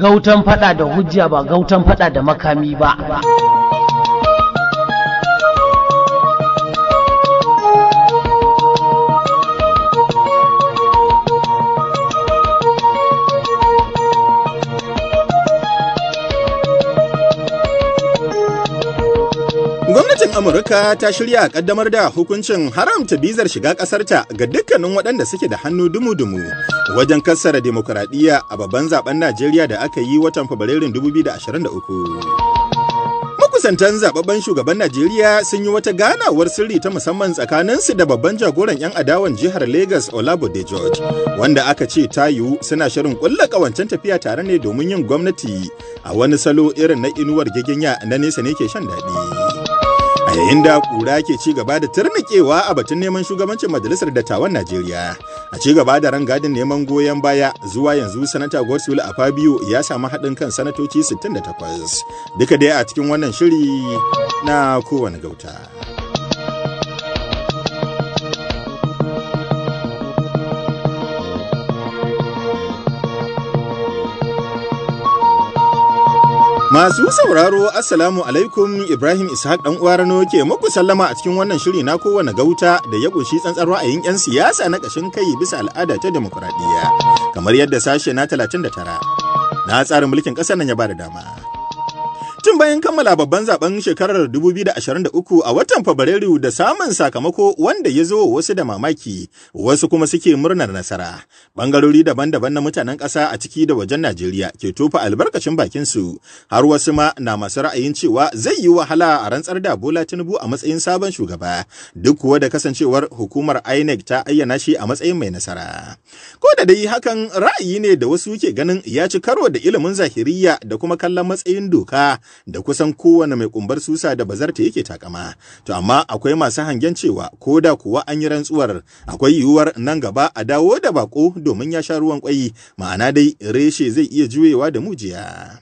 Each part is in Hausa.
gautan faɗa da hujja ba gautan faɗa da makami ba Gwamnatin Amurka ta shirya kaddamar da hukuncin haramta bizar shiga ƙasarta ga dukkanin waɗanda suke da hannu dumu-dumu wajen kassara demokuraɗiyya a babban zaben Najeriya da aka yi watan Fabrairun 2023. Makusantan zababben shugaban Najeriya sun yi wata ganawar sirri ta musamman tsakaninsu da babban jagoran 'yan adawan jihar Lagos Olabode George, wanda aka ce ta yiwu suna shirin ƙulla ƙawancen tafiya tare ne domin yin gwamnati a wani salo irin na inuwar giginya na nesa ne ke shan daɗi. yayin da kura ke ci gaba da tarnakewa a batun neman shugabancin majalisar dattawan najeriya a ci gaba da rangadin neman goyon baya zuwa yanzu sanata godswill afabiyo ya samu haɗin kan sanatoci 68 duka dai a cikin wannan shiri na kowane gauta. Masu sauraro Assalamu alaikum Ibrahim Ishaq dan uwa Rano ke muku sallama a cikin wannan shiri na kowane gauta da ya kunshi tsantsar ra'ayin 'yan siyasa na ƙashin kai bisa al'ada ta demokuraɗiyya. Kamar yadda sashe na 39 na tsarin mulkin ƙasar nan ya ba da dama. Tun bayan kammala babban zaben shekarar 2023 a watan Fabrairu da samun sakamako wanda ya zo wasu da mamaki, wasu kuma suke murnar nasara. Bangarori daban-daban na mutanen ƙasa a ciki da wajen Najeriya ke tofa albarkacin bakinsu, har wasu ma na masu ra'ayin cewa zai yi wahala a rantsar da Bola Tinubu a matsayin sabon shugaba, duk kuwa da kasancewar hukumar INEC ta ayyana shi a matsayin mai nasara. Ko da dai hakan ra'ayi ne da wasu ke ganin ya ci karo da ilimin zahiriya da kuma kallon matsayin doka da kusan kowane mai kumbar susa da bazarta yake takama. To amma akwai masu hangen cewa ko da kuwa an yi rantsuwar akwai yiwuwar nan gaba a dawo da bako domin ya sha ruwan kwai ma'ana dai reshe zai iya juyewa da mujiya.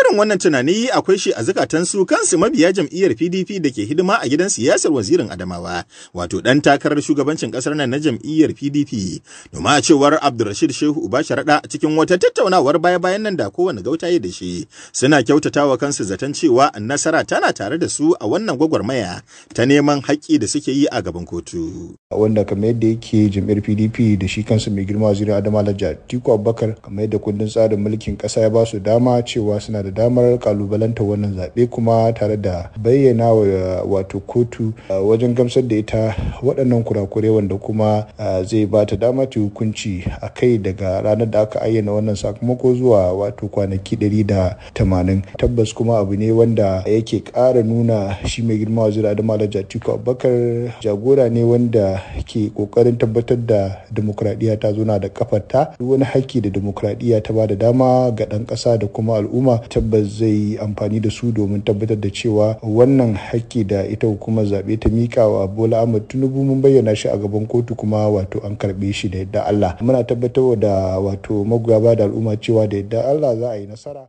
Irin wannan tunani akwai shi a su kansu mabiya jam'iyyar PDP da ke hidima a gidan siyasar wazirin Adamawa, wato ɗan takarar shugabancin kasar nan na jam'iyyar PDP. Noma a cewar Abdulrashid Shehu Uba Sharaɗa cikin wata tattaunawar baya-bayan nan da kowane gauta ya da shi, suna kyautatawa kansu zaton cewa nasara tana tare da su a wannan gwagwarmaya ta neman haƙƙi da suke yi a gaban kotu. Wanda kamar yadda yake jam'iyyar PDP da shi kansu mai girma wazirin Adamawa Lajja Tiku Abubakar kamar yadda kundin tsarin mulkin ƙasa ya ba su dama cewa suna da damar kalubalanta wannan zaɓe kuma tare da bayyana wa wato kotu wajen gamsar da ita waɗannan kurakurai wanda kuma zai ba ta dama ta hukunci a kai daga ranar da aka ayyana wannan sakamako zuwa wato kwanaki ɗari da tamanin tabbas kuma abu ne wanda yake ƙara nuna shi mai girma wazir adamu da jatiku abubakar jagora ne wanda ke ƙoƙarin tabbatar da dimokuraɗiyya ta zo na da kafarta duk wani haƙƙi da dimokuraɗiyya ta ba da dama ga ɗan ƙasa da kuma al'umma tabbas zai yi amfani da su domin tabbatar da cewa wannan haƙƙi da ita hukumar zaɓe ta miƙa wa Bola Ahmed Tinubu mun bayyana shi a gaban kotu kuma wato an karɓe shi da yadda Allah. Muna tabbatar da wato magoya da al'umma cewa da yadda Allah za a yi nasara.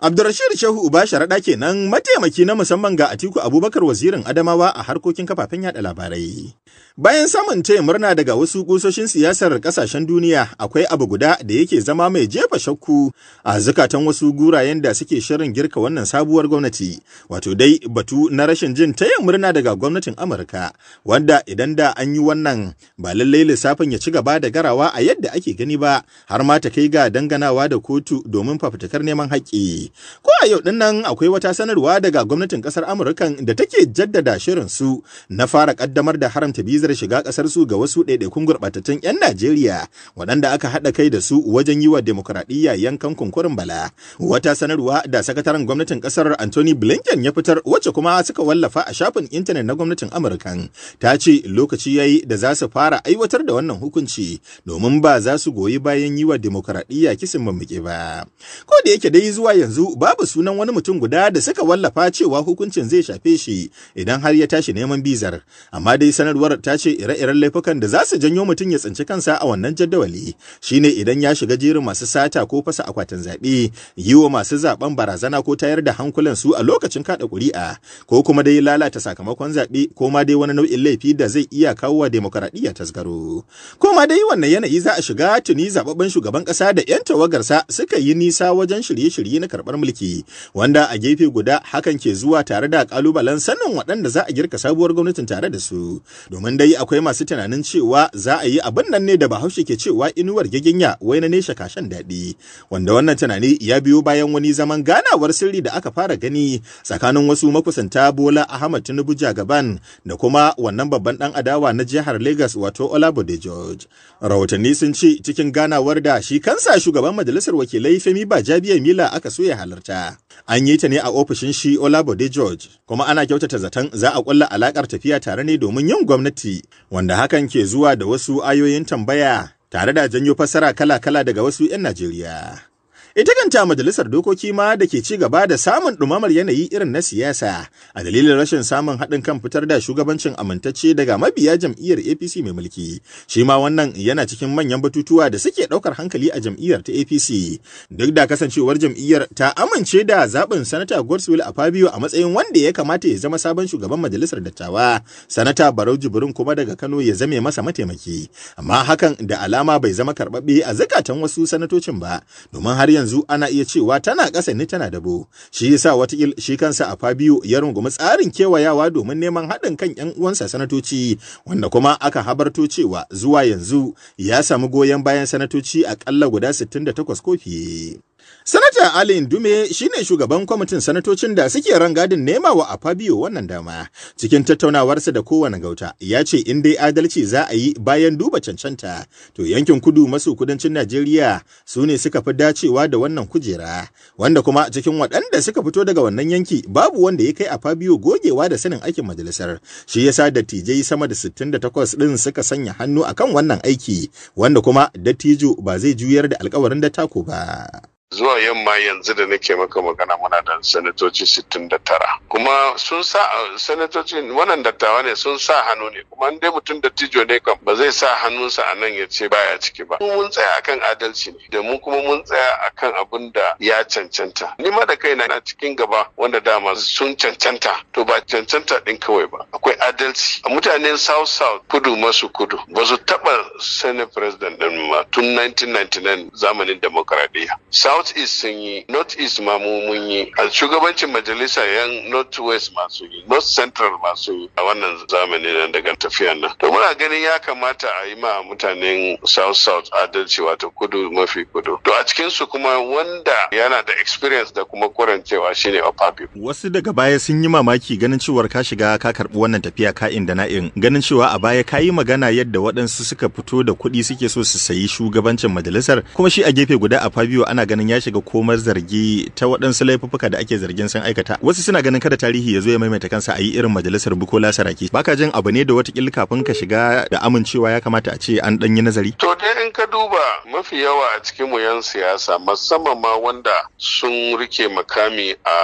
Abdurrashid Shehu Uba sharaɗa kenan mataimaki na musamman ga Atiku Abubakar wazirin Adamawa a harkokin kafafen yada labarai. Bayan samun taya murna daga wasu kusoshin siyasar kasashen duniya akwai abu guda da yake zama mai jefa shakku a zukatan wasu gurayen da suke shirin girka wannan sabuwar gwamnati. Wato dai batu na rashin jin taya murna daga gwamnatin Amurka wanda idan da an yi wannan ba lallai lissafin ya ci gaba da garawa a yadda ake gani ba har ma ta kai ga danganawa da kotu domin fafutukar neman haƙƙi. Ko a yau dinnan akwai wata sanarwa daga gwamnatin ƙasar Amurkan da take jaddada shirin su na fara ƙaddamar da haramta biza bizar shiga ƙasar su ga wasu ɗaiɗaikun gurɓatattun 'yan Najeriya waɗanda aka haɗa kai da su wajen yi wa demokuraɗiyya yankan kunkurin bala. Wata sanarwa da sakataren gwamnatin ƙasar Anthony Blinken ya fitar wacce kuma suka wallafa a shafin intanet na gwamnatin Amurkan ta ce lokaci yayi da za su fara aiwatar da wannan hukunci domin ba za su goyi bayan yi wa demokuraɗiyya kisan mamaki ba. Ko da yake dai zuwa yanzu babu sunan wani mutum guda da suka wallafa cewa hukuncin zai shafe shi idan har ya tashi neman bizar amma dai sanarwar ta ta ce ire-iren laifukan da za su janyo mutum ya tsinci kansa a wannan jadawali shine idan ya shiga jerin masu sata ko fasa akwatin zaɓe yi wa masu zaɓen barazana ko tayar da hankulan su a lokacin kaɗa ƙuri'a ko kuma dai lalata sakamakon zaɓe ko ma dai wani nau'in laifi da zai iya kawo wa demokaraɗiyya tasgaro ko ma dai wannan yanayi za a shiga tuni zaɓaɓɓen shugaban ƙasa da 'yan tawagarsa suka yi nisa wajen shirye-shirye na karɓar mulki wanda a gefe guda hakan ke zuwa tare da ƙalubalen sanin waɗanda za a girka sabuwar gwamnatin tare da su domin dai akwai masu tunanin cewa za a yi abin nan ne da bahaushe ke cewa inuwar giginya wai na nesha kashen daɗi wanda wannan tunani ya biyo bayan wani zaman ganawar sirri da aka fara gani tsakanin wasu makusanta bola ahmad tinubu jagaban da kuma wannan babban dan adawa na jihar lagos wato olabode george rahotanni sun ce cikin ganawar da shi kansa shugaban majalisar wakilai femi bajabiya mila aka so ya halarta an yi ta ne a ofishin shi olabode george kuma ana kyautata zaton za a kulla alakar tafiya tare ne domin yin gwamnati wanda hakan ke zuwa da wasu ayoyin tambaya tare da janyo fassara kala-kala daga wasu 'yan najeriya Ita kanta majalisar dokoki ma da ke ci gaba da samun ɗumamar yanayi irin na siyasa a dalilin rashin samun haɗin kan fitar da shugabancin amintacce daga mabiya jam'iyyar APC mai mulki. Shi ma wannan yana cikin manyan batutuwa da suke ɗaukar hankali a jam'iyyar ta APC. Duk da kasancewar jam'iyyar ta amince da zaɓin Sanata Godswill Afabio a matsayin wanda ya kamata ya zama sabon shugaban majalisar dattawa. Sanata Barau Jibrin kuma daga Kano ya zame masa mataimaki. Amma hakan da alama bai zama karɓaɓɓe a zakatan wasu sanatocin ba domin har yanzu yanzu ana iya cewa tana ƙasa ne tana dabo shi yasa watakil shi kansa a Fabio ya rungumi tsarin kewayawa domin neman haɗin kan ƴan uwansa sanatoci wanda kuma aka habarto cewa zuwa yanzu ya samu goyon bayan sanatoci a ƙalla guda 68 ko fiye. Sanata Ali Dume shine shugaban kwamitin sanatocin da suke rangadin nema wa Afabio wannan dama. Cikin tattaunawarsa da kowane gauta, ya ce in dai adalci za a yi bayan duba cancanta, to yankin kudu maso kudancin Najeriya su ne suka fi dacewa da wannan kujera, wanda kuma cikin waɗanda suka fito daga wannan yanki babu wanda ya kai Afabio gogewa da sanin aikin majalisar. Shi yasa dattijai sama da 68 ɗin suka sanya hannu akan wannan aiki, wanda kuma dattijo ba zai juyar da alkawarin da tako ba. zuwa yamma yanzu da nake maka magana muna da sanatoci 69 kuma sun sa sanatoci wannan dattawa ne sun sa hannu ne kuma dai mutum da tijo ne kam ba zai sa hannunsa a nan ya ce baya ciki ba mun tsaya akan adalci ne da mu kuma mun tsaya akan abin da ya cancanta ni ma da kai na cikin gaba wanda dama sun cancanta to ba cancanta din kawai ba akwai adalci mutanen south south kudu masu kudu ba su taba senate president din ma tun 1999 zamanin demokradiyya north east sun yi north east ma mu mun yi a shugabancin majalisa yan north west masu yi north central masu yi a wannan zamani nan daga tafiyan nan to muna ganin ya kamata a yi ma mutanen south south adalci wato kudu mafi kudu to a cikin su kuma wanda yana da experience da kuma kwarancewa shine opapio wasu daga baya sun yi mamaki ganin cewar ka shiga ka karbi wannan tafiya ka'in da na'in ganin cewa a baya ka yi magana yadda waɗansu suka fito da kuɗi suke so su sayi shugabancin majalisar kuma shi a gefe guda a fabio ana ganin ya shiga komar zargi ta waɗansu laifuffuka da ake zargin sun aikata wasu suna ganin kada tarihi ya zo ya maimaita kansa a yi irin majalisar bukola saraki baka jin abu ne da watakila kafin ka shiga da amincewa ya kamata a ce an ɗan yi nazari to dai in ka duba mafi yawa a cikin mu siyasa musamman ma wanda sun rike makami a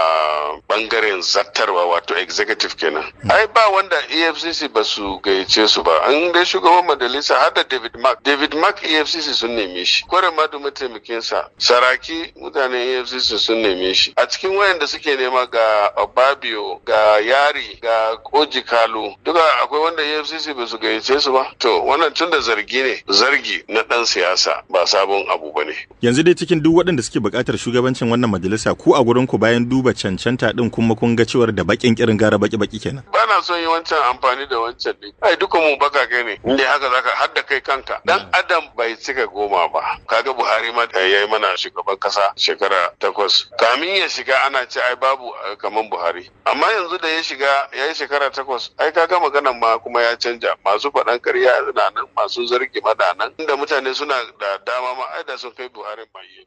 bangaren zattarwa wato executive kenan hmm. ai ba wanda efcc ba su gayyace su ba an dai shugaban majalisa har da david mark david mark efcc sun neme shi kwarin ma da mataimakinsa saraki mutane mutanen efcc sun neme shi a cikin wayanda suke nema ga babio ga yari ga koji kalu duka akwai wanda efcc ba su gayyace su ba to wannan tun da zargi ne zargi na dan siyasa ba sabon abu ba ne yanzu dai cikin duk waɗanda suke buƙatar shugabancin wannan majalisa ku a gurin ku bayan duba cancanta din kuma kun ga cewar da bakin kirin gara baki baki kenan ba na son yi wancan amfani da wancan din ai duka mu baka kai ne inda haka zaka hadda kai kanka dan mm. adam bai cika goma ba kaga buhari ma eh, yayi mana shugaban kasa shekara takwas kamin ya shiga ana ce ai babu eh, kamar buhari amma yanzu da ya shiga ya yi shekara takwas ai ka ga maganan ma kuma ya canja masu faɗan karya na nan masu zargi nan inda mutane suna da dama ma ai da sun kai buhari ma yi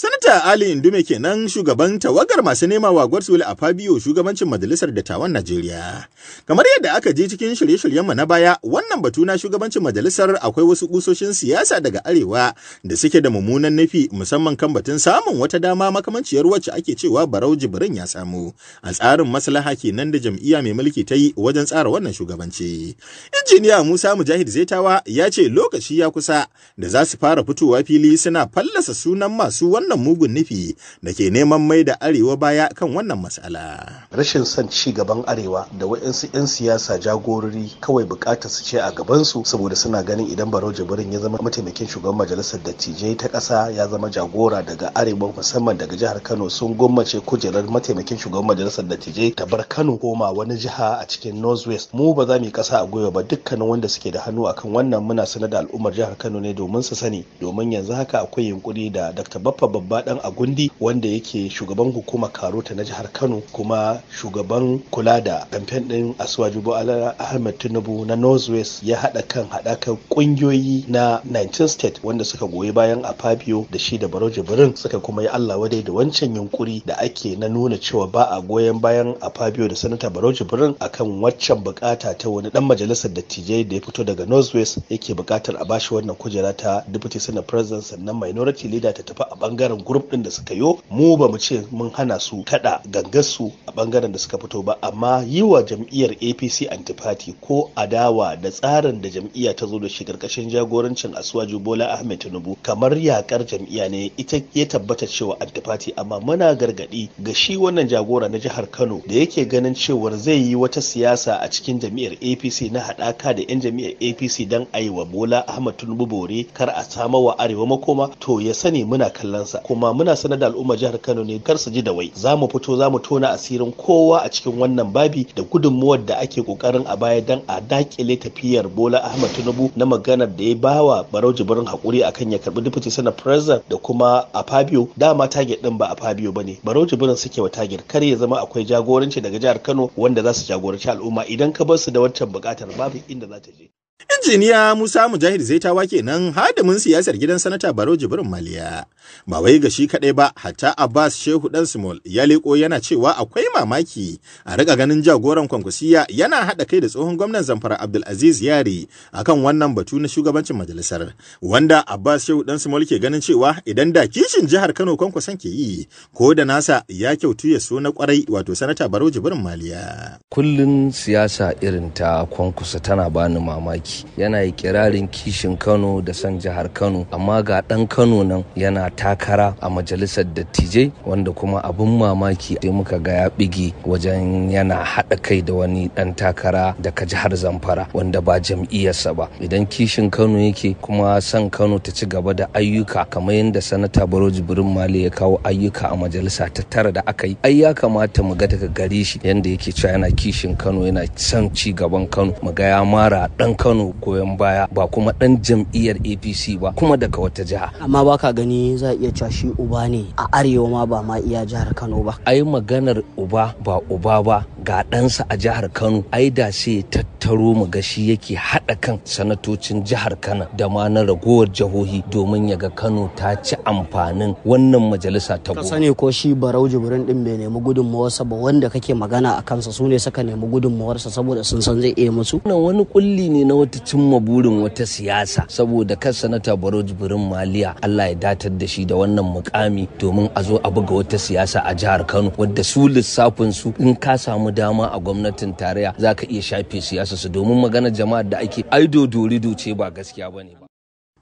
Sanata Ali Indume kenan shugaban tawagar masu nema wa Gwarsule a Fabio shugabancin Majalisar Dattawan Najeriya. Kamar yadda aka je cikin shirye-shiryenmu na baya, wannan batu na shugabancin majalisar akwai wasu kusoshin siyasa daga arewa da suke da mummunan nufi musamman kan batun samun wata dama makamanciyar wacce ake cewa Barau Jibrin ya samu. A tsarin maslaha kenan da jam'iyya mai mulki ta yi wajen tsara wannan shugabanci. Injiniya Musa Mujahid Zaitawa ya ce lokaci ya kusa da za su fara fitowa fili suna fallasa sunan masu wannan wannan mugun nufi da ke neman mai da arewa baya kan wannan matsala. Rashin son ci gaban arewa da wa'insu 'yan siyasa jagorori kawai bukatar su ce a gabansu saboda suna ganin idan Barau Jibrin ya zama mataimakin shugaban majalisar dattijai ta ƙasa ya zama jagora daga arewa musamman daga jihar Kano sun gwammace kujerar mataimakin shugaban majalisar dattijai ta bar Kano koma wani jiha a cikin Northwest. Mu ba za mu yi ƙasa a gwiwa ba dukkanin wanda suke da hannu akan wannan muna sanar da al'ummar jihar Kano ne domin su sani domin yanzu haka akwai yunkuri da Dr. Baffa babba dan agundi wanda yake shugaban hukumar karota na jihar kano kuma shugaban kula da kamfen din asuwajubo al ahmed tinubu na northwest ya haɗa kan haɗakar ƙungiyoyi na 19 state wanda suka goyi bayan a fabio da shi da baro jibirin suka kuma yi allah wadai da wancan yunkuri da ake na nuna cewa ba a goyon bayan a fabio da sanata baro a akan waccan bukata ta wani dan majalisar dattijai da ya fito daga northwest yake bukatar a bashi wannan kujera ta deputy senate president sannan minority leader ta tafi a bangare bangaren grup din da suka yo mu ba mu ce mun hana su kada gangar su a bangaren da suka fito ba amma yi wa jam'iyyar APC antipati ko adawa da tsarin da jam'iyya ta zo da shi karkashin jagorancin Asuwaju Bola Ahmed Tinubu kamar yakar jam'iyya ne ita ya tabbata cewa antipati amma muna gargadi ga shi wannan jagora na jihar Kano da yake ganin cewar zai yi wata siyasa a cikin jam'iyyar APC na haɗaka da 'yan jam'iyyar APC don a yi wa Bola Ahmed Tinubu bore kar a samawa arewa makoma to ya sani muna kallon sa kansa kuma muna sanar da al'umma jihar Kano ne kar su ji da wai za mu fito za mu tona asirin kowa a cikin wannan babi da gudunmuwar da ake kokarin a baya dan a dakile tafiyar Bola Ahmad Tinubu na maganar da ya bawa Barau Jibrin hakuri akan ya karbi deputy sana president da kuma a Fabio dama target din ba a Fabio bane Barau Jibrin suke wa target kar ya zama akwai jagoranci daga jihar Kano wanda za su jagoranci al'umma idan ka bar su da wancan bukatar babu inda za ta je Injiniya Musa Mujahid Zaitawa kenan hadimin siyasar gidan sanata Baro Jibrin Maliya. Ba wai ga shi kaɗai ba, hatta Abbas Shehu ɗan Simol ya leƙo yana cewa akwai mamaki a riƙa ganin jagoran kwankwasiya yana haɗa kai da tsohon gwamnan Zamfara Abdulaziz Yari akan wannan batu na shugabancin majalisar. Wanda Abbas Shehu ɗan Simol ke ganin cewa idan da kishin jihar Kano kwankwason ke yi, ko da nasa ya kyautu ya so na kwarai wato sanata baro Jibrin Maliya. kullun siyasa irin ta kwankwasa tana bani mamaki. Yana kirarin kishin Kano da san jihar Kano, amma ga ɗan Kano nan yana takara a majalisar dattijai wanda kuma abin mamaki sai muka ga ya bige wajen yana haɗa kai da wani ɗan takara daga jihar zamfara wanda ba jam'iyyarsa ba idan kishin kano yake kuma son kano ta ci gaba da ayyuka kamar yadda sanata baro birin mali ya kawo ayyuka a majalisa ta tara da aka yi ai ya kamata mu ga daga gare shi yadda yake cewa yana kishin kano yana san ci gaban kano mu ga ya mara ɗan kano goyon baya ba kuma ɗan jam'iyyar apc ba kuma daga wata jiha amma baka gani za a iya cewa shi uba ne a arewa ma ba ma iya jihar Kano ba. Ai maganar uba ba uba ba ga ɗansa a jihar Kano ai da sai tattaro mu ga shi yake haɗa kan sanatocin jihar Kano da ma na ragowar jihohi domin ya ga Kano ta ci amfanin wannan majalisa ta goma. Ka sani ko shi Barau Jibrin din bai nemi gudunmawarsa ba wanda kake magana a kansa su ne suka nemi gudunmawarsa saboda sun san zai iya musu. Wannan wani kulli ne na wata cimma burin wata siyasa saboda kan sanata Barau Jibrin Maliya Allah ya datar da shi. shi da wannan mukami domin a zo a buga wata siyasa a jihar Kano wadda su lissafin su in ka samu dama a gwamnatin tarayya zaka iya shafe siyasa su domin maganar jama'ar da ake aido dorido ce ba gaskiya bane ba.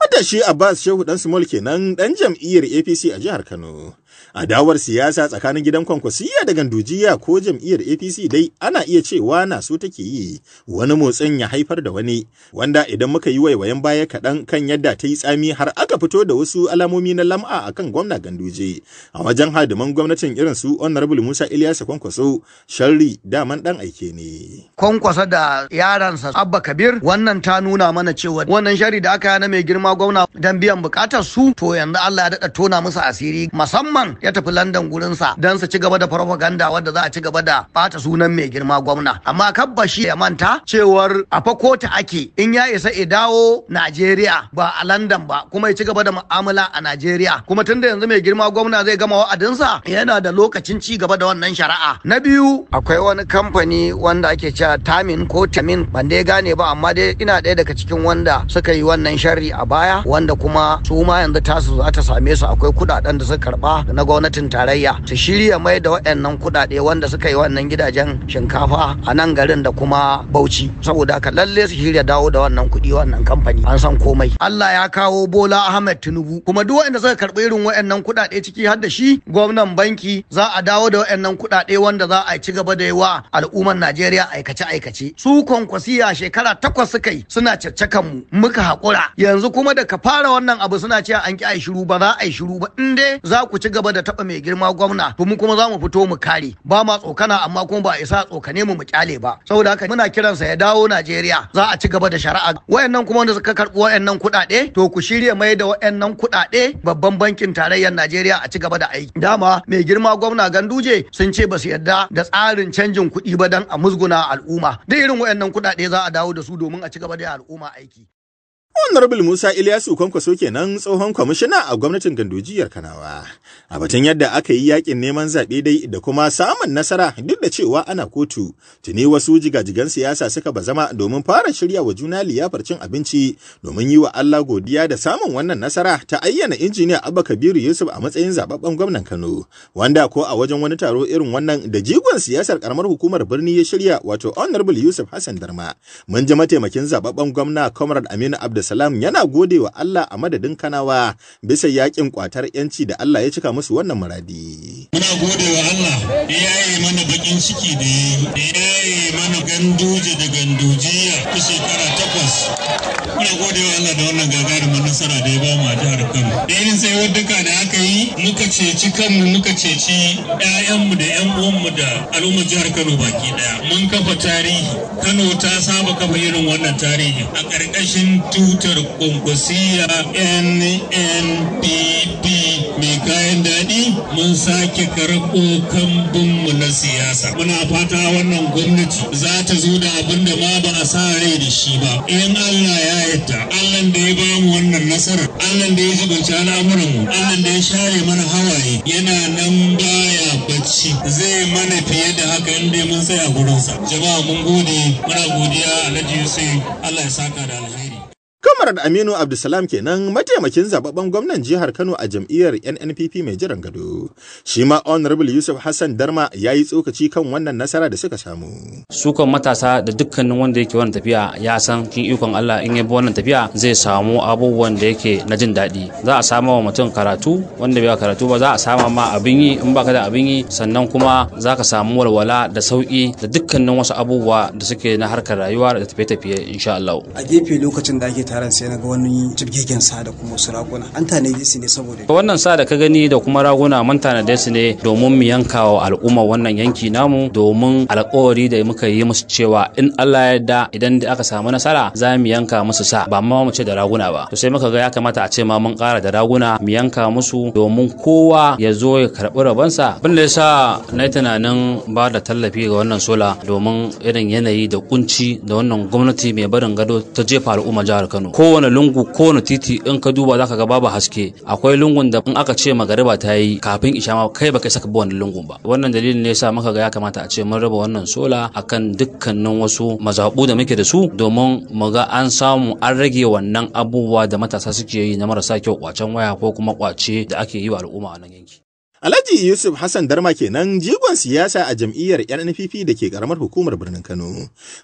Matashi Abbas Shehu Dan Simol kenan dan jam'iyyar APC a jihar Kano. Adawar siyasa tsakanin gidan kwankwasiya da gandujiya ko jam'iyyar APC dai ana iya cewa na su take yi wani motsin ya haifar da wani wanda idan muka yi waiwayen baya kaɗan kan yadda ta yi tsami har aka fito da wasu alamomi na lam'a akan gwamna ganduje a wajen hadiman gwamnatin irin su honorable Musa Ilyasa Kwankwaso sharri daman ɗan aike ne. Kwankwaso da yaransa Abba Kabir wannan ta nuna mana cewa wannan sharri da aka yana mai girma gwamna dan biyan bukatar su to yanzu Allah ya daɗa tona musu asiri musamman ya tafi London gurinsa don su ci gaba da propaganda wadda za a ci gaba da bata sunan mai girma gwamna. Amma kabbashi ya manta cewar a fakota ake in ya isa ya dawo Najeriya ba a London ba kuma ya ci gaba da mu'amala a Najeriya kuma tunda yanzu mai girma gwamna zai gama wa'adinsa yana da lokacin ci gaba da wannan shari'a. Na biyu akwai wani kamfani wanda ake cewa Tamin ko Tamin ban dai gane ba amma dai ina ɗaya daga cikin wanda suka yi wannan sharri a baya wanda kuma su ma yanzu tasu za ta same su akwai kuɗaɗen da suka karba na gwamnati gwamnatin tarayya su shirya mai da waɗannan kuɗaɗe wanda suka yi wannan gidajen shinkafa a nan garin da kuma bauchi saboda ka lalle su shirya dawo da wannan kuɗi wannan kamfani an san komai Allah ya kawo Bola Ahmed Tinubu kuma duk waɗanda suka karɓi irin waɗannan kuɗaɗe ciki har da shi gwamnan banki za a dawo da waɗannan kuɗaɗe wanda za a ci gaba da yawa wa al'ummar Najeriya aikace aikace su kwankwasiya shekara takwas suka yi suna caccakan mu muka haƙura yanzu kuma da ka fara wannan abu suna cewa an ki ai shiru ba za a shiru ba in dai za ku ci gaba da taba mai girma gwamna to mu kuma zamu fito mu kare ba ma tsokana amma kuma ba isa tsokane mu mu kyale ba saboda haka muna kiran sa ya dawo Najeriya za a ci gaba da shari'a wayannan kuma wanda suka karɓi wayannan kuɗaɗe to ku shirya mai da wayannan kuɗaɗe babban bankin tarayyar Najeriya a ci gaba da aiki dama mai girma gwamna Ganduje sun ce ba su yarda da tsarin canjin kudi ba dan a musguna al'umma da irin wayannan kuɗaɗe za a dawo da su domin a ci gaba da al'umma aiki Honorable Musa Ilyasu Kwankwaso kenan tsohon kwamishina a gwamnatin gandujiyar Kanawa. A batun yadda aka yi yakin neman zaɓe dai da kuma samun nasara duk da cewa ana kotu, tuni wasu jigajigan siyasa suka ba zama domin fara shirya wa juna liyafar cin abinci domin yi wa Allah godiya da samun wannan nasara ta ayyana injiniya Abba Kabiru Yusuf a matsayin zababben gwamnan Kano, wanda ko a wajen wani taro irin wannan da jigon siyasar karamar hukumar birni ya shirya wato Honorable Yusuf Hassan Darma. Mun ji mataimakin zababben gwamna Comrade Aminu Abdul salam yana gode wa Allah a madadin Kanawa bisa yakin kwatar yanci da Allah ya cika musu wannan muradi. Muna gode wa Allah da ya yi mana bakin ciki da ya yi mana ganduje da gandujiya ta shekara takwas. Muna gode wa Allah da wannan gagarumin nasara da ya ba mu a jihar Kano. Da irin sai wadduka da aka yi muka ceci kanmu muka ceci 'ya'yanmu da 'yan uwanmu da al'ummar jihar Kano baki daya. Mun kafa tarihi. Kano ta saba kafa irin wannan tarihi a ƙarƙashin tu tutar kwankwasiya nnpp mai kayan daɗi mun sake karɓo kambunmu na siyasa muna fata wannan gwamnati za ta zo da abin da ma ba a sa rai da shi ba in allah ya yadda allah da ya ba mu wannan nasarar allah da ya jibanci mu. allah da ya share mana hawaye yana nan baya bacci zai mana fiye da haka inda mun tsaya gurinsa jama'a mun gode muna godiya alhaji yusuf allah ya saka da alheri Comrade Aminu Abdulsalam kenan mataimakin zababben gwamnan jihar Kano a jam'iyyar NNPP mai jiran gado. Shi ma Honorable Yusuf Hassan Darma ya yi tsokaci kan wannan nasara da suka samu. Sukan matasa da dukkanin wanda yake wannan tafiya ya san kin ikon Allah in ya bi wannan tafiya zai samu abubuwan da yake na jin daɗi. Za a sama wa mutum karatu wanda bai karatu ba za a sama ma abin yi in baka da abin yi sannan kuma za ka samu walwala da sauki da dukkanin wasu abubuwa da suke na harkar rayuwa da tafiye-tafiye insha Allah. A gefe lokacin da ake tare yaran sai na ga wani jirgin sa da kuma wasu raguna an tanaje su ne saboda wannan sa ka gani da kuma raguna mun tanade su ne domin mu yanka wa al'umma wannan yanki namu domin alƙawari da muka yi musu cewa in Allah ya yarda idan aka samu nasara za mu yanka musu sa ba ma mu ce da raguna ba to sai muka ga ya kamata a ce ma mun ƙara da raguna mu yanka musu domin kowa ya zo ya karɓi rabonsa abin da yasa na yi tunanin ba da tallafi ga wannan sola domin irin yanayi da kunci da wannan gwamnati mai barin gado ta jefa al'umma jihar Kano Kano kowane lungu kowane titi in ka duba zaka ga babu haske akwai lungun da in aka ce magariba ta yi kafin isha ma kai baka saka wannan lungun ba wannan dalilin ne yasa muka ga ya kamata a ce mun raba wannan sola akan dukkanin wasu mazabu da muke da su domin mu ga an samu an rage wannan abubuwa da matasa suke yi na marasa kyau kwacen waya ko kuma kwace da ake yi wa al'umma a nan yanki Alhaji Yusuf Hassan Darma kenan jigon siyasa a jam'iyyar NNPP da ke karamar hukumar birnin Kano.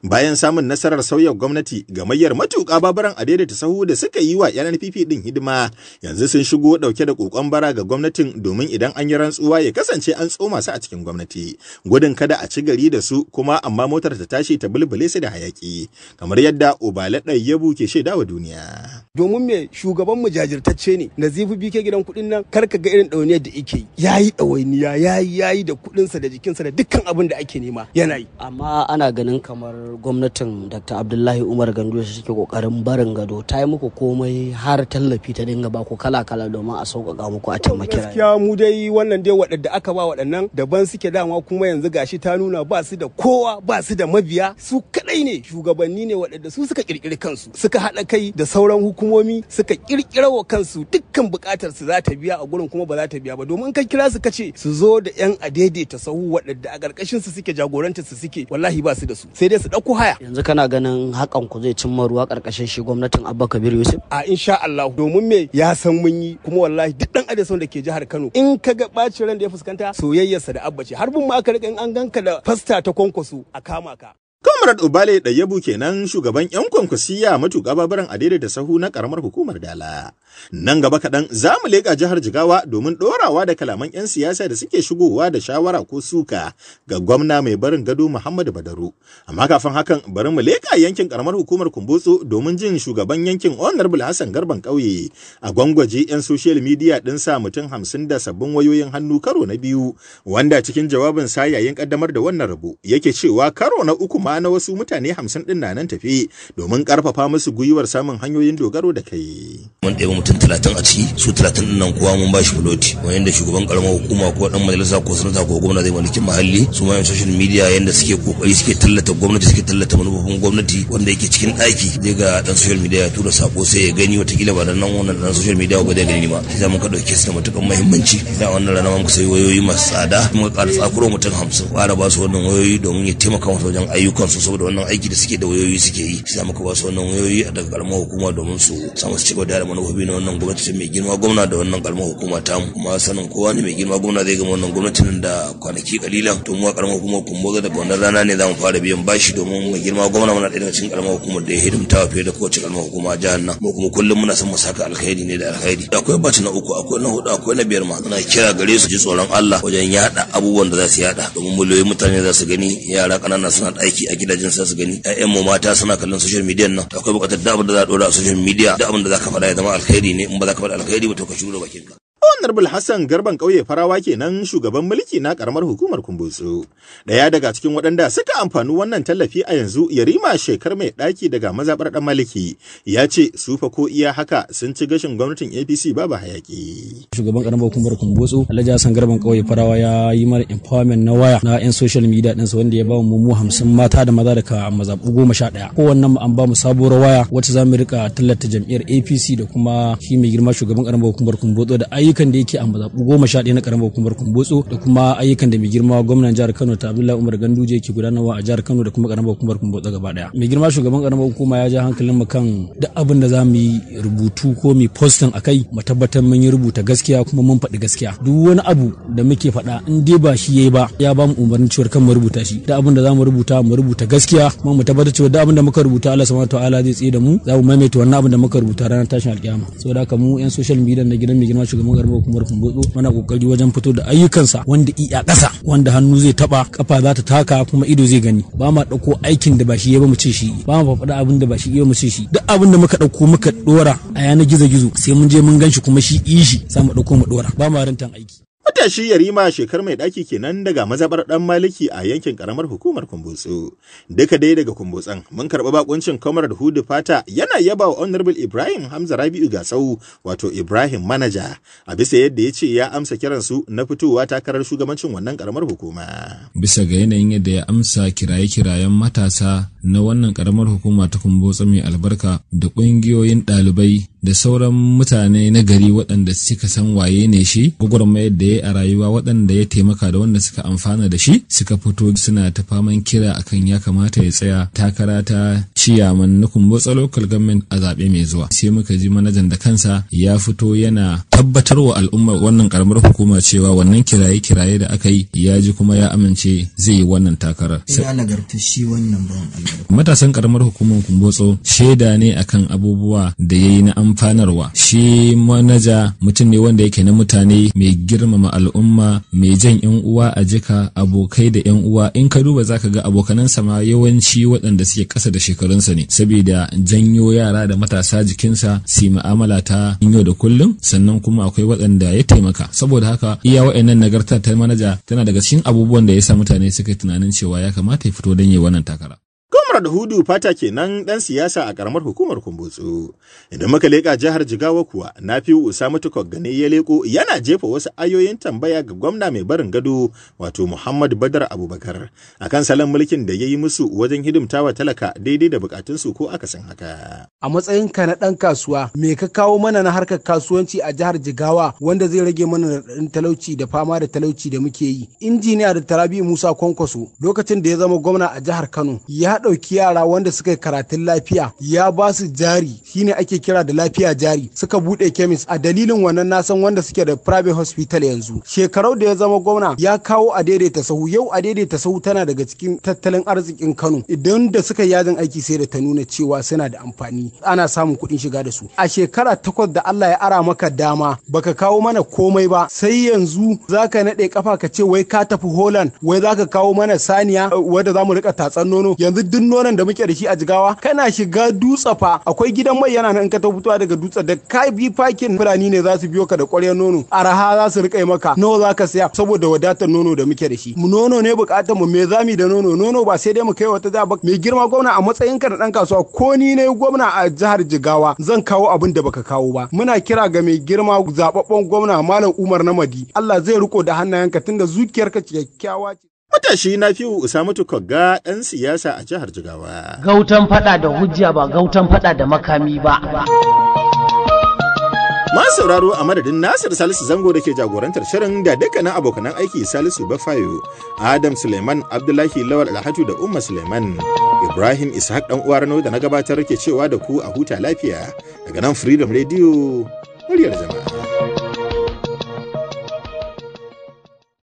Bayan samun nasarar sauya gwamnati gamayyar matuƙa babaran a daidaita sahu da suka yi wa NNPP din hidima yanzu sun shigo ɗauke da kokon bara ga gwamnatin domin idan an yi rantsuwa ya kasance an tsoma su a cikin gwamnati. Gudun kada a ci gari da su kuma amma motar ta tashi ta bulbule su da hayaki kamar yadda Obale Yabu ke shaida wa duniya. Domin me shugabanmu jajirtacce ne Nazifu Bike gidan kuɗin nan kar ka ga irin ɗauniyar da ike yayi dawainiya yayi yayi da sa da kuɗinsa da jikinsa da dukkan abin da ake nema yana yi. Amma ana ganin kamar gwamnatin Dr. Abdullahi Umar gandu shi ke ƙoƙarin barin gado ta yi muku komai har tallafi ta dinga ba ku kala-kala domin a sauƙaƙa muku a taimaki rayuwa. Gaskiya mu dai wannan dai waɗanda aka ba waɗannan daban suke dama kuma yanzu gashi ta nuna ba su da kowa ba su da mabiya su kaɗai ne shugabanni ne waɗanda su suka ƙirƙiri kansu suka haɗa kai da sauran hukumomi suka ƙirƙira kansu dukkan buƙatar su za ta biya a gurin kuma ba za ta biya ba domin kai kira su kace su zo da yan adaidaita sahu waɗanda a ƙarƙashin su suke jagoranta su suke wallahi ba su da su sai dai su ɗauko haya yanzu kana ganin hakan ku zai cimma ruwa ƙarƙashin shi gwamnatin Abba Kabir Yusuf a insha Allah domin me ya san mun yi kuma wallahi duk dan adaidaita da ke jihar Kano in ka ga ɓacin ran da ya fuskanta soyayyarsa da Abba ce har bin ma aka riƙa in an ganka da fasta ta kwankwaso a kama ka Comrade Ubale Ɗayyabu kenan shugaban 'yan kwankwasiya matuƙa babaran adere da sahu na ƙaramar hukumar Dala. Nan gaba kaɗan za mu leƙa jihar Jigawa domin ɗorawa da kalaman 'yan siyasa da suke shigowa da shawara ko suka ga gwamna mai barin gado Muhammadu Badaru. Amma kafin hakan bari mu leƙa yankin ƙaramar hukumar Kumbutsu domin jin shugaban yankin Honorable Hassan Garban ƙauye a gwangwaje 'yan social media ɗin sa mutum hamsin da sabbin wayoyin hannu karo na biyu wanda cikin jawabin sa yayin ƙaddamar da wannan rabo yake cewa karo na uku amma na wasu mutane hamsin din na nan tafi domin karfafa musu gwiwar samun hanyoyin dogaro da kai. Mun ɗaya mutum talatin a ciki su talatin din nan kowa mun ba shi wani da shugaban karamar hukuma ko ɗan majalisa ko sanata ko gwamna zai mallaki mahalli su ma social media yanda suke kokari suke tallata gwamnati suke tallata manufofin gwamnati wanda yake cikin ɗaki zai ga ɗan social media ya tura sako sai ya gani watakila ba da nan wannan ɗan social media ba zai gani ba sai mun ka ɗauke su da matuƙar muhimmanci sai wannan rana mun sai wayoyi masu tsada mun ƙara tsakuro mutum hamsin ƙara ba su wannan wayoyi domin ya taimaka musu wajen ayyuka dukan saboda wannan aiki da suke da wayoyi suke yi sai muka ba su wannan wayoyi a daga kalmar hukuma domin su samu su cigaba da yada manufofi na wannan gwamnati mai girma gwamna da wannan kalmar hukuma ta mu kuma sanin kowa ne mai girma gwamna zai gama wannan gwamnatin da kwanaki kalilan to mu a kalmar hukuma hukumar kumboza daga wannan rana ne za mu fara biyan bashi domin mai girma gwamna muna ɗaya daga cikin karamar hukumar da ya hidimta wa fiye da kowace kalmar hukuma a jihar nan mu kuma kullum muna son mu saka alkhairi ne da alkhairi akwai bata na uku akwai na hudu akwai na biyar ma muna kira gare su ji tsoron Allah wajen yada abubuwan da za su yada domin miliyoyin mutane za su gani yara ƙanana suna aiki a gidajen sa su gani ƴaƴan mu mata suna kallon social media nan akwai bukatar da abin da za a dora a social media da abin da za ka faɗa ya zama alkhairi ne in ba za ka faɗa alkhairi ba to ka shuru bakin ka Honorable Hassan Garban ƙauye Farawa kenan shugaban mulki na ƙaramar hukumar Kumbutsu. Ɗaya daga cikin waɗanda suka amfani wannan tallafi a yanzu Yarima Shekar mai ɗaki daga mazaɓar ɗan Maliki ya ce su fa ko iya haka sun ci gashin gwamnatin APC babu hayaƙi. Shugaban ƙaramar hukumar Kumbutsu Alhaji Hassan Garban ƙauye Farawa ya yi mana empowerment na waya na ƴan social media ɗinsa wanda ya ba mu mu hamsin mata da maza daga mazaɓu goma sha ɗaya. Kowannen mu an ba mu sabuwar waya wacce za mu riƙa tallata jam'iyyar APC da kuma shi mai girma shugaban ƙaramar hukumar Kumbutsu da ayyuka ayyukan da yake a mazaɓu goma sha ɗaya na ƙaramar hukumar kumbotso da kuma ayyukan da mai girma gwamnan jihar kano ta abdullahi umar ganduje yake gudanarwa a jihar kano da kuma ƙaramar hukumar kumbotso gaba ɗaya mai girma shugaban ƙaramar hukuma ya ja hankalin mu kan duk abin da za mu yi rubutu ko mu postin kai mu tabbatar mun yi rubuta gaskiya kuma mun faɗi gaskiya duk wani abu da muke faɗa in dai ba shi yayi ba ya ba mu umarnin cewar kan mu rubuta shi da abin da za mu rubuta mu rubuta gaskiya kuma mu tabbatar cewa da abin da muka rubuta Allah subhanahu ta'ala zai tsaye da mu za mu maimaita wannan abin da muka rubuta ranar tashin alƙiyama saboda haka mu yan social media na gidan mai girma shugaban kuma hukumar gotso muna kokari wajen fito da ayyukansa wanda iya kasa ƙasa wanda hannu zai taba kafa za ta taka kuma ido zai gani ba ma dauko aikin da ba shi ya mu ce shi ba ma faɗa abin da ba shi ya mu ce shi duk abin da muka dauko muka dora a yanar gizo gizo sai mun je mun shi kuma shi ishi sai mu dauko mu dora ba ma rantan aiki Matashi Yarima shekar mai ɗaki kenan daga mazabar ɗan Maliki a yankin ƙaramar hukumar Kumbutsu. Duka dai daga Kumbutsan mun karɓi bakuncin Comrade Hudu Fata yana yaba wa Honorable Ibrahim Hamza Rabi'u Gatsau wato Ibrahim Manaja a bisa yadda ya ce ya amsa kiran su na fitowa takarar shugabancin wannan ƙaramar hukuma. Bisa ga yanayin yadda ya amsa kiraye-kirayen matasa na wannan ƙaramar hukuma ta Kumbutsu mai albarka da ƙungiyoyin ɗalibai da sauran mutane na gari waɗanda suka san waye ne shi gwagwarmayar da ya a rayuwa waɗanda ya taimaka da wanda suka amfana da shi suka fito suna ta faman kira akan ya kamata ya tsaya takara ta ciyaman na kumbotsa local government a zaɓe mai zuwa sai muka ji manajan da kansa ya fito yana tabbatar wa al'ummar wannan karamar hukuma cewa wannan kiraye-kiraye da aka yi ya ji kuma ya amince zai yi wannan takarar. Matasan karamar hukumar Kumbotso shaida ne akan abubuwa da ya yi na amfanarwa. Shi manaja mutum ne wanda yake na mutane mai girmama al'umma mai jan yan uwa a jika abokai da yan uwa in ka duba zaka ga abokanansa ma yawanci waɗanda suke ƙasa da shekarunsa ne saboda janyo yara da matasa jikinsa su mu'amala ta yau da kullum sannan kuma akwai waɗanda ya taimaka saboda haka iya wa'annan nagarta ta manaja tana daga cikin abubuwan da ya sa mutane suka tunanin cewa ya kamata ya fito don yi wannan takara da Hudu Fata kenan ɗan siyasa a karamar hukumar Kumbutsu. Idan muka leka jihar Jigawa kuwa na fi Usama gane ya leƙo yana jefa wasu ayoyin tambaya ga gwamna mai barin gado wato Muhammad Badar Abubakar akan salon mulkin da ya yi musu wajen hidimtawa talaka daidai da bukatunsu ko akasin haka. A matsayin ka na ɗan kasuwa me ka kawo mana na harkar kasuwanci a jihar Jigawa wanda zai rage mana talauci da fama da talauci da muke yi. Injiniya da Tarabi Musa Kwankwaso lokacin da ya zama gwamna a jihar Kano ya ɗauki yara wanda suka yi karatun lafiya ya ba su jari shine ake kira da lafiya jari suka buɗe kemis a dalilin wannan na san wanda suke da private hospital yanzu shekarau da ya zama gwamna ya kawo a daidaita sahu yau a daidaita sahu tana daga cikin tattalin arzikin Kano idan da suka yajin aiki sai da ta nuna cewa suna da amfani ana samun kuɗin shiga da su a shekara takwas da Allah ya ara maka dama baka kawo mana komai ba sai yanzu zaka naɗe kafa ka ce wai ka tafi Holland wai zaka kawo mana saniya wadda zamu rika tatsan nono yanzu duk nonon da muke da shi a jigawa kana shiga dutse fa akwai gidan mai yana nan in ka ta fitowa daga dutse da kai bi fakin fulani ne za su biyo ka da kwaryar nono araha za su rika maka nawa za ka saya saboda wadatar nono da muke da shi mu nono ne bukatar mu me zami da nono nono ba sai dai mu kai wata jiha ba mai girma gwamna a matsayin ka da dan kasuwa ko ni ne gwamna a jihar Jigawa zan kawo abin da baka kawo ba muna kira ga mai girma zababben gwamna Malam Umar Namadi Allah zai riko da hannayenka tunda zuciyarka cikakkiyawa ce Matashi na fiwu mutu Kogga ɗan siyasa a jihar Jigawa. Gautan faɗa da hujja ba gautan faɗa da makami ba. Masu sauraro a madadin Nasir Salisu Zango da ke jagorantar shirin da dukkanin abokanan aiki Salisu Bafayo, Adam Suleiman Abdullahi Lawal Alhatu da Umma Suleiman, Ibrahim Ishaq ɗan uwar da na gabatar ke cewa da ku a huta lafiya daga nan Freedom Radio muryar jama'a.